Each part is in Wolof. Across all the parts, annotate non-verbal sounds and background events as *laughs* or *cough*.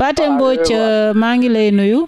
Pathé Mbodj euh, maa ngi lay nuyu.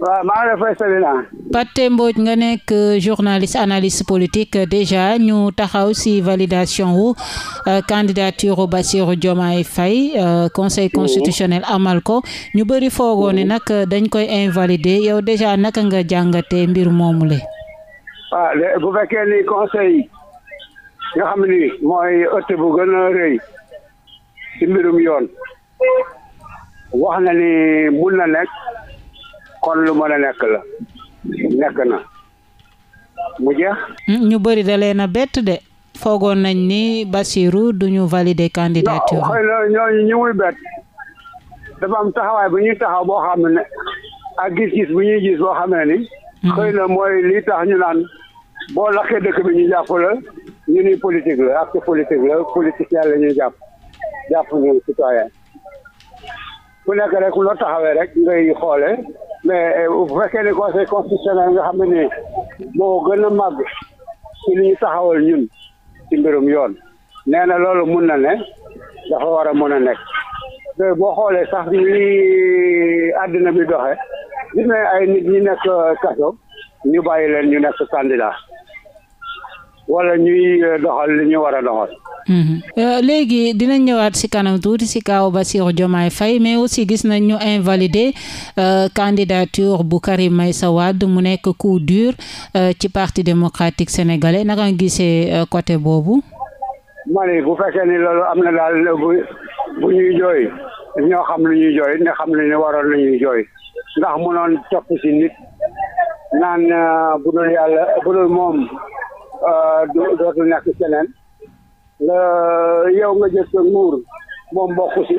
waaw mbooj nga nekk euh, journaliste analyse politique euh, déjà ñu taxaw si validation wu candidature Bassirou Diomaye Faye conseil mhm. constitutionnel amal ko ñu bëri foogoo ne mhm. nag dañ koy invalider yow déjà naka nga jàngate mbir moomu ah, le bu fekkee ni conseil nga xam ni mooy ëtt bu gën rëy ci mbirum yoon. wax na ni mun na nekk kon lu mën a nekk la nekk na mu jeex. Hmm, ñu bëri da leen bett de foogoon nañ ni Bassirou du ñu valider candidature. xëy na ñooñu ñu muy bett dafa am taxawaay bu ñuy taxaw boo xam ne ak gis-gis bu ñuy gis boo xam ne ni. Hmm. xëy na mooy li tax ñu naan boo lakkee dëkk bi ñu jàpp la ñu ni politique la acte politique la politique yàlla ñuy jàpp jàpp ñu citoyen ku nekk rek loo taxawee rek ngay xoolee mais bu fekkee ne conseil constitutionnel nga xam ni moo gën a màgg ci li ñu taxawal ñun ci mbirum yoon nee na loolu mun na ne dafa war a mën a nekk boo xoolee sax li àddina bi doxe gis nañ ay nit ñi nekk kaso ñu bàyyi leen ñu nekk candidat wala ñuy eh, doxal li ñu war a doxal Euh, léegi dina ñëwaat si kanam tuuti si kaw ba Bassirou Diomaye Faye mais aussi gis nañ ñu invalider euh, candidature bu Karim Meïssa Wade mu nekk coup dur euh, ci parti démocratique sénégalais naka nga gisee côté boobu. ma ne bu fekkee ni loolu am na daal bu ñuy jooy ñoo xam lu ñuy jooy ne xam ne waroon na ñuy jooy ndax mënoon topp si nit naan bu dul yàlla bu dul moom dootul nekk keneen. nga yow nga jël sa nguur moom bokk si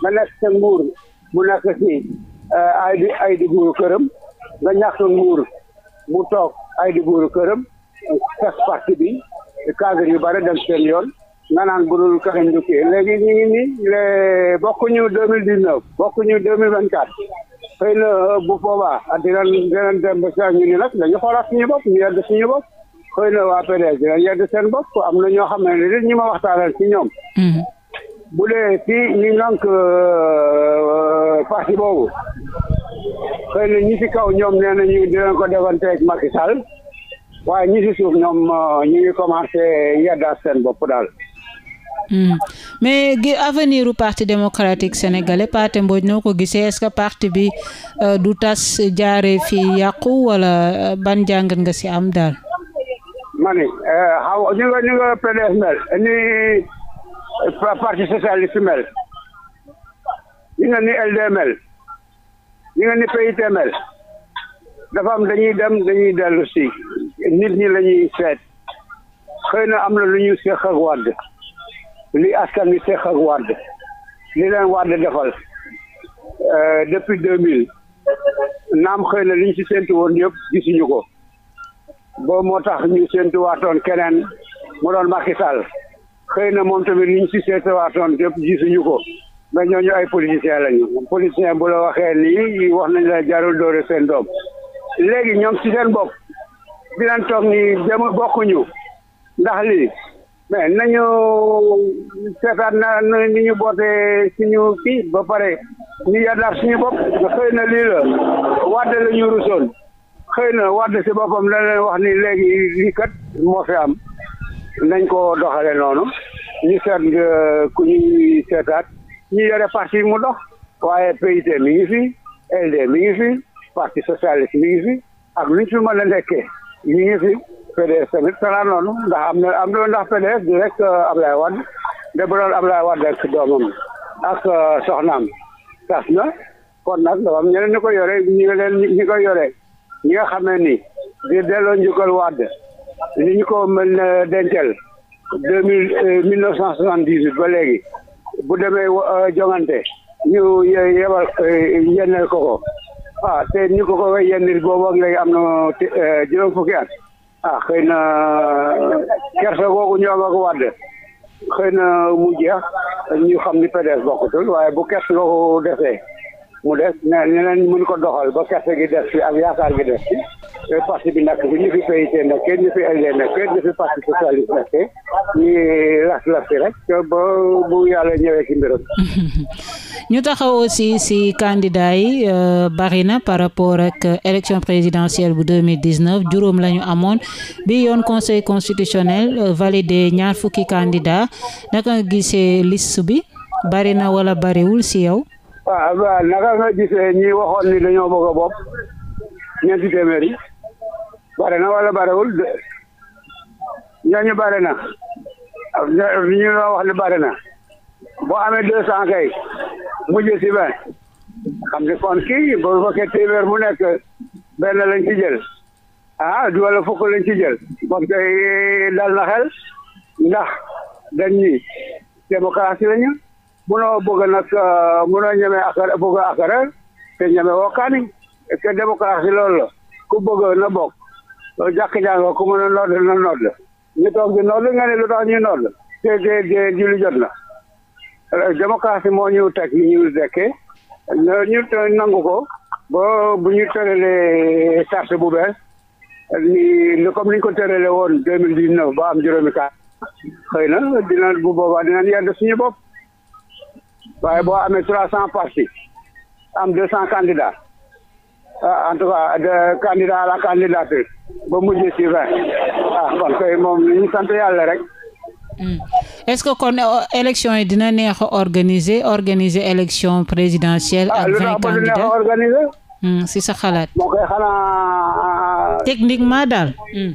nga nekk sa nguur mu nekk si eh, ay di ay di nguuru këram nga ñàkk nguur mu toog ay di nguuru këram fekk parti bi cadre yu bare dem seen yoon nga naan budul Karim Nduké léegi ñu ngi nii les bokkuñu deux mille dix neuf bokkuñu deux mille vingt quatre xëy na bu boobaa dinañ dinañ dem ba saa ñu ni nag dañu xoolaat suñu bopp ñu yedd suñu bopp. xëy na waa PDS dina yedd seen bopp am na ñoo xam ne nit ñi ma waxtaanal ci ñoom. Mm-hmm. bu dee ci ñi ngànk euh, parti boobu xëy na ñi ci kaw ñoom nee nañu dinañ ko defanteeg Macky Sall waaye ñi ci suuf ñoom euh, ñu ngi commencé yeddaat seen bopp daal. Mm-hmm. mais gi avenir u parti démocratique sénégalais Pathé Mbodj noo ko gisee est parti bi euh, du tas jaare fii yàqu wala ban jàngat nga ci am daal. ma ni xaw eh, ni nga ni nga mel ni eh, parti socialiste mel ni nga ni LD mel ni nga ni mel dafa am dañuy dem dañuy dellusi nit ñi lañuy ñuy seet xëy na am na lu ñu seq ak wàdd li askan wi seq ak wàdd li leen wàdd defal eh, depuis deux mille naam xëy na li ñu si séntu woon yëpp gisuñu ko boobu moo tax ñu séentuwaatoon keneen mu doon Macky Sall xëy na moom tamit liñ si séentuwaatoon yëpp gisuñu ko mais ñooñu ay politiciens lañu politicien bu la waxee nii wax nañ la jarul dóore seen doom léegi ñoom si seen bopp dinañ toog ni dem bokkuñu ndax lii mais nañu seetaat na ni ñu bootee suñu kii ba pare ñu yàddaar suñu bopp xëy na lii la wàdde la ñu rusoon xëy na wax si boppam da wax ni léegi lii kat moo fi am nañ ko doxale noonu ñu seet euh, ku ñuy seetaat ñu yore parti mu dox waaye PIT mi ngi fi LD mi ngi fi parti socialiste mi ngi fi ak luñ fi mën a nekke mi ngi fi PDS tamit xanaa noonu ndax am na am na ndax PDS di rek euh, Ablaye Wade da ba doon Ablaye Wade ak doomam ak euh, soxnaam tas na kon nag dafa am ñeneen ko yore ñu leen ñu ko yore ñi nga xam ne ni di delloo njukkal Wade ni ñu ko mën dencal deux mille euh, neuf cent soixante dix huit ba léegi bu demee euh, jongante ñu yebal euh, yennal ko ko ah, te ñu ko ko yennil boobu ak léegi am na juróom fukki at ah xëy na kersa googu ñoo nga ko wàdd xëy na mu jeex ñu xam ni PDS bokkutul waaye bu kersa googu defee mu des ne ñeneen mën ko doxal ba kese gi des fi ak yaakaar gi des fi euh, parti fi ñu fi PIT ñu fi LD nekkee ñu fi parti socialiste nekkee ñi *laughs* ñu taxaw aussi si candidat yi euh, bari na par rapport ak élection présidentielle bu 2019 juróom la ñu amoon bi yoon conseil constitutionnel euh, validé ñaar fukki candidat naka gisee list bi bari na wala bariwul si yow waaw ah, waaw naka nga gisee ñi waxoon ni dañoo bëgg a bopp ñeenti téeméer yi bare na walla barewul ñooñu bare na ah, ñu la wax ne bare na boo amee deux cent kay mujj si vingt xam nga kon kii bu fekkee téeméer mu nekk benn lañ ci jël ah du wala fukk lañ ci jël kon kay dal na xel ndax dañ ñi démocratie lañu munoo bëgg nag euh, munoo ñeme akara bëgg akara te ñeme woo kaani te démocratie loolu la ku bëgg na bokk jàkk jàng ku mën a nodd na nodd ñu toog di nodd nga ne lu tax ñu nodd te te te julli jot na démocratie moo ñu teg ni ñu dekkee ñu nangu ko ba bu ñu tëralee charte bu bees ni comme ni ñu ko tëralee woon deux mille dix neuf ba am juróomi kaat xëy na dina bu boobaa dinañ yedd suñu bopp waaye boo amee trois cent partis am deux cent ah, en tout cas de candidat à la candidature ba mujj ci vingt ah kon kay moom ñu sant yàlla rek. Hmm. est-ce que kon euh, élection yi dina neex organise organiser élection présidentielle. Ah, ak vingt candidats organiser. Hmm, si sa xalaat. moo koy xanaa. Ah, techniquement daal. Hmm.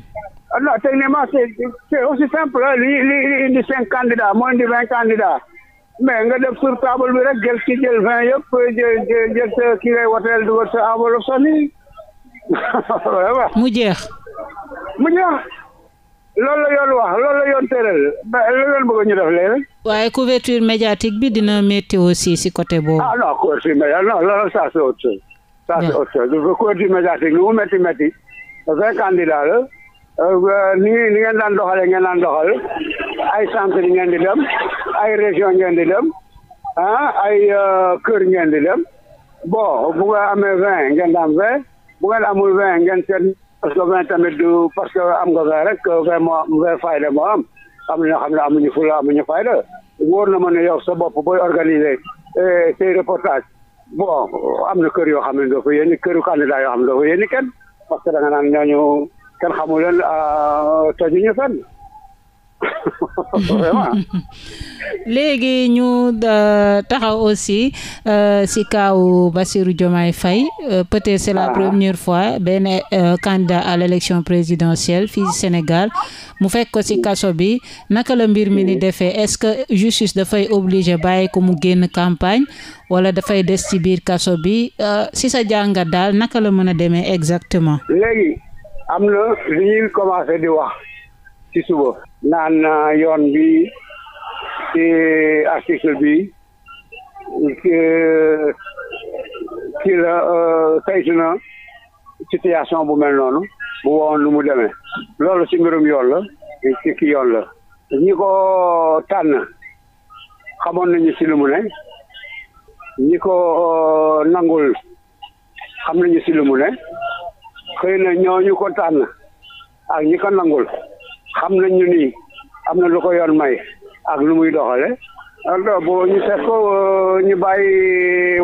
non techniquement c'est c'est aussi simple li li indi cinq candidats moo indi vingt mais nga def sur table bi rek jël ci jël vingt yëpp jël jël ki ngay woteel dugal sa enveloppe sa nii *laughs* mu jeex mu jeex lool la yoon wax loolu la yoon tëral ba loolu bëgg ñu def léegi. waaye couverture médiatique bi dina métti aussi si côté boobu. ah non couverture médiatique non loolu ça c'est autre chose. ça c'est autre chose couverture médiatique lu mu métti métti vingt candidat la euh, ni ni ngeen daan doxalee ngeen daan doxal ay centre yi ngeen di dem. ay région ngeen di dem ah ay euh, kër ngeen di dem bon bu nga amee vingt ngeen di am vingt bu amul vingt ngeen seet parce que vingt tamit du parce que am nga vingt rek vingt moo vingt fayda moo am na ñoo xam ne amuñu fula amuñu fayda wóor na ma yow sa bopp booy organiser eh, say reportage bon am na kër yoo xam ne doo fa yéen këru candidat yoo xam ne doo fa yéen kenn parce que da nga naan ñooñu kenn xamu leen ah, tojuñu fenn vraiment. *laughs* léegi ñu euh, taxaw aussi euh, si kaw basiru Diomaye fay euh, peut-être c'est la ah. première fois benn candidat à l'élection présidentielle fii Sénégal mu fekk ko si kaso bi naka la mbir mi ni mm. defee est-ce que justice dafay obligé bàyyi ko mu génn campagne wala dafay des ci biir kaso bi si sa jàngat daal naka la mën a demee exactement. ci suba naan yoon bi ci article bi kii la euh, saytu na situation bu mel noonu bu wowoon lu mu demee loolu ci mbirum yoon la ci ki yoon la ñi ko tànn xamoon nañu ci lu ñi ko euh, nangul xam nañu ci lu xëy na ñooñu ko tànn ak ñi ko nangul xam nañ ñu nii am na lu ko yoon may ak lu muy doxale bo ñu seet ko euh, ñu bàyyi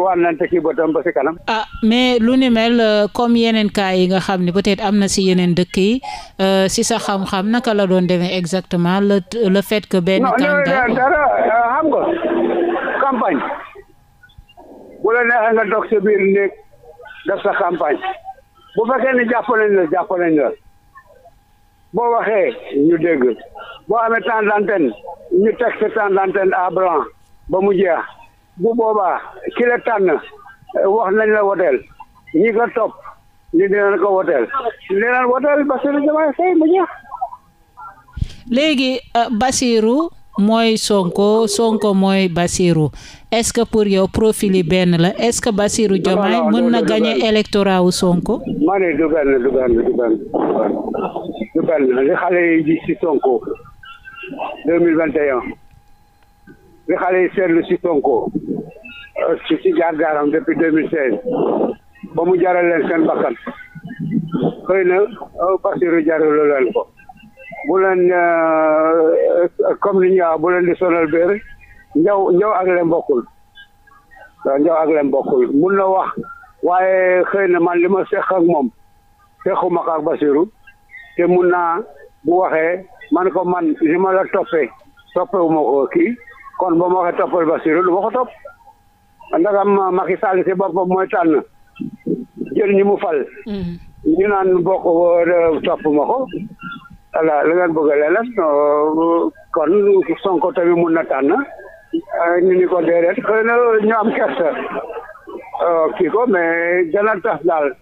wànnante ki bëtam ba si kanam. ah mais lu ni mel euh, comme yeneen cas yi nga xam ni peut-être am na si yeneen dëkk yi si euh, sa xam-xam naka la doon demee exactement la le fait que. benn dara xam nga campagne bu la neexee nga dox sa biir néeg def sa campagne bu fekkee ne jàppale nañ jàppale nañ boo waxee ñu dégg boo amee temps d'antenne ñu teg sa temps d'antenne à blanc ba mu jeex bu boobaa ki la tànn eh, wax nañ la woteel ñi ko topp ñu dinañ ko woteel dinañ woteel Bassirou Diomaye Faye mu jeex léegi eh, Bassirou mooy Sonko Sonko mooy Bassirou est-ce que pour yow profil yi benn la est-ce que Bassirou Diomaye mën na gagner électorat wu Sonko. ma ne du benn du benn du benn du benn li xale yi gis ci Sonko deux mille vingt et un li xale yi seetlu ci Sonko euh, ci ci jaar jaaram depuis deux mille seize ba mu jaral leen seen bakkan xëy na euh, Bassirou jaral leen ko. bu leen euh, euh, comme li ñu bu leen di sonal biir njaw njaw ak leen bokkul waaw njaw mun na wax waaye xëy na man li ma seq moom sequma ko ak Basiru te mun naa bu waxee man ko man li ma la toppee toppewuma ko kii kon ba mu waxee toppal Basiru du ma ko topp ndagam Macky Sall si boppam mooy tànn jël ñi mu fal mm-hmm. ñu naan bokk euh, topp ma voilà la ngeen bëgg a leeral kon Sonko tamit mun na tànn ñu ni ko déedéet xëy na ñu am kersa ko mais dana tas daal.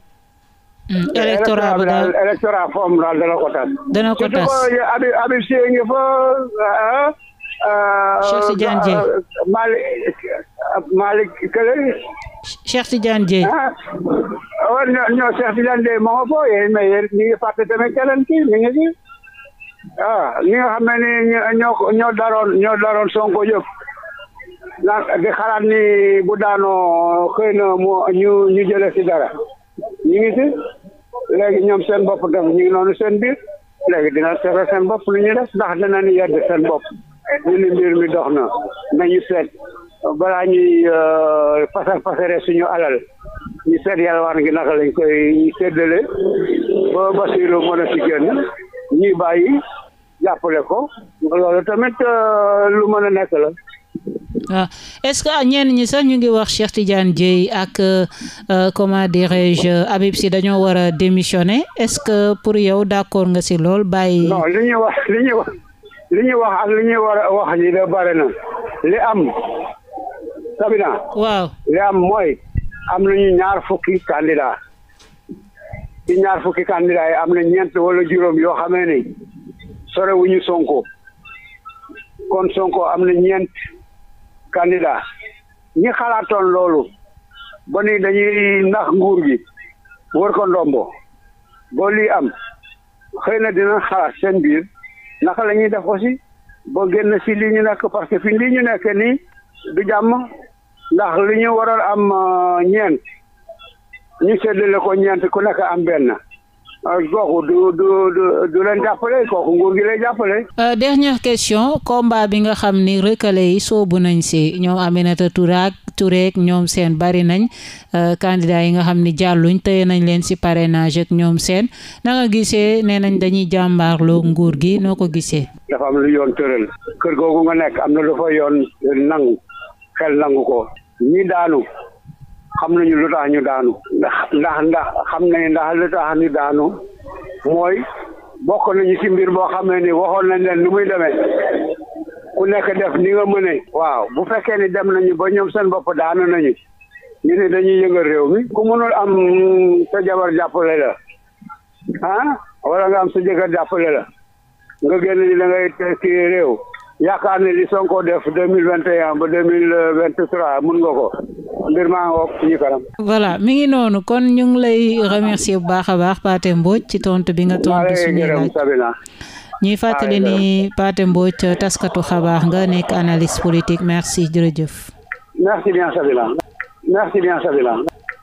Hmm, électorat bi daal électorat foom daal dana ko tas. dana ko tas surtout que Habib Habib ngi fa. Ah, ah, Cheikh Tidiane Dièye ah, Malick Malick Kële. Cheikh Tidiane Dièye. ah waaw oh, ñoo Cheikh Tidiane Dièye moo ko fooyee mais yéen ñu ngi fàtte tamit keneen kii mi ngi fi. ah ñi nga xam ne ni ñoo ñoo daroon ñoo daroon Sonko yëpp naan di xalaat ni bu daanoo xëy na mu ñu ñu jëlee si dara ñu ngi si léegi ñoom seen bopp def ñu noonu seen biir léegi dina sefe seen bopp lu ñu def ndax dina ni yedd seen bopp ñu ni mbir mi dox na nañu seet balaa ñuy fasar euh, fasare suñu alal ñu seet yalwaan gi naka lañ koy séddale ba Basiru mën a si génn ñuy bàyyi jàppale ko loolu tamit euh, lu mën a nekk la. waaw ah. est-ce que ñenn ñi sax ñu ngi wax seex Tidiane Dièye ak euh, euh, comment dirais-je Habib Sy dañoo war a démissionner est-ce que pour yow d'accord nga si lool bàyyi. non li ñuy wax li ñuy wax li ñuy wax ak war a da bare na li am Sabina. waaw li am mooy am nañu ñaar fukki candidat. ci ñaar fukki candidat am na ñeent wala juróom yoo xamee ni sorewuñu Sonko kon Sonko am na ñeent candidat ñi xalaatoon loolu ba ni dañuy ndax nguur gi wër ko ndombo boo lii am xëy na dina xalaat seen biir naka la ñuy def aussi ba génn si lii ñu nekk parce que fi lii ñu nekk nii du jàmm ndax li ñu waroon am euh, ñeent ñu séddale ko ñeent ku nekk am benn. Ah, kooku du du du du leen jàppale kooku nguur gi lay jàppale. Euh, dernière question combat bi nga xam ni recalé yi soobu nañ si ñoom Aminata Touré ak ñoom seen bari nañ euh, candidat yi nga xam ni jàlluñ tëye nañ leen si parrainage ñoom seen na nga gisee nee nañ dañuy jàmbaarloo nguur gi noo ko gisee. dafa am lu yoon tëral. kër googu nga nekk am lu fa yoon nangu xel nangu ko ñi daanu. xam nañu lu tax ñu daanu ndax ndax ndax xam nañ ndax lu tax ñu daanu mooy bokk nañu ci mbir boo xamee ni waxoon nañ leen nu muy demee ku nekk def ni nga mënee. waaw bu fekkee ni dem nañu ba ñoom seen bopp daanu nañu ñu ne dañuy yëngal réew mi ku mënul am sa jabar jàppale la ah wala nga am sa jëkkër jàppale la nga génn ni da ngay kii réew yaakaar ne li Sonko def deux mille vingt et ba deux mille vingt trois mun nga ko. mbir maa voilà mi ngi noonu kon ñu ngi lay remercier bu baax a baax Pathé Mbodj ci tontu bi nga tontu suñuy laaj ñuy fàttali ni Pathé Mbodj taskatu xabaax nga nekk analyse politique merci jërëjëf. merci